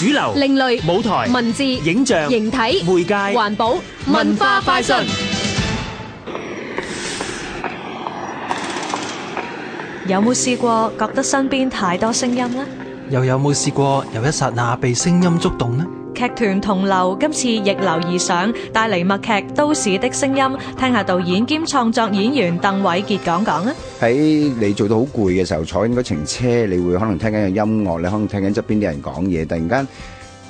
主流、另類、舞台、文字、影像、形體、媒介、環保、文化快訊。有冇試過覺得身邊太多聲音呢？又有冇試過由一刹那被聲音觸動呢？劇團同流今次逆流而上，帶嚟默劇《都市的聲音》，聽下導演兼創作演員鄧偉傑講講啊！喺你做到好攰嘅時候，坐緊嗰程車，你會可能聽緊個音樂，你可能聽緊側邊啲人講嘢，突然間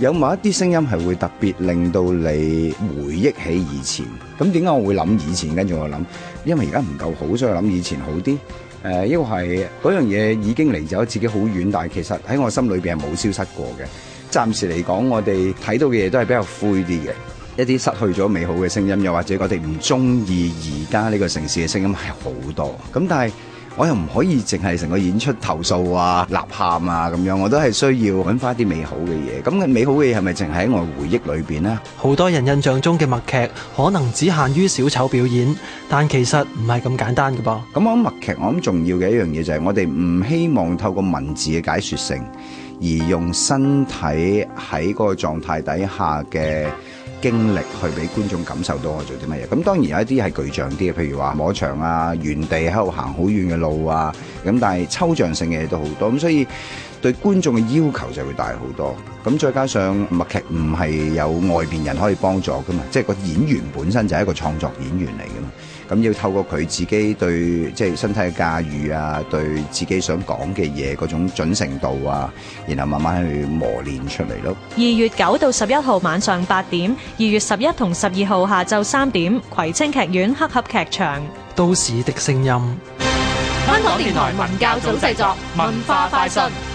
有某一啲聲音係會特別令到你回憶起以前。咁點解我會諗以前？跟住我諗，因為而家唔夠好，所以諗以前好啲。誒，因為嗰樣嘢已經離咗自己好遠，但係其實喺我心裏邊係冇消失過嘅。暫時嚟講，我哋睇到嘅嘢都係比較灰啲嘅，一啲失去咗美好嘅聲音，又或者我哋唔中意而家呢個城市嘅聲音係好多，咁但係。我又唔可以淨係成個演出投訴啊、吶喊啊咁樣，我都係需要揾翻啲美好嘅嘢。咁嘅美好嘅嘢係咪淨喺我回憶裏邊咧？好多人印象中嘅默劇可能只限於小丑表演，但其實唔係咁簡單嘅噃。咁我覺得默劇我諗重要嘅一樣嘢就係我哋唔希望透過文字嘅解說性而用身體喺嗰個狀態底下嘅。經歷去俾觀眾感受到我做啲乜嘢，咁當然有一啲係具象啲嘅，譬如話摸牆啊、原地喺度行好遠嘅路啊，咁但係抽象性嘅嘢都好多，咁所以對觀眾嘅要求就會大好多，咁再加上默劇唔係有外邊人可以幫助噶嘛，即係個演員本身就係一個創作演員嚟嘅嘛。咁要透過佢自己對即係身體嘅駕馭啊，對自己想講嘅嘢嗰種準程度啊，然後慢慢去磨練出嚟咯。二月九到十一號晚上八點，二月十一同十二號下晝三點，葵青劇院黑盒劇場。都市的聲音，香港電台文教組製作，文化快訊。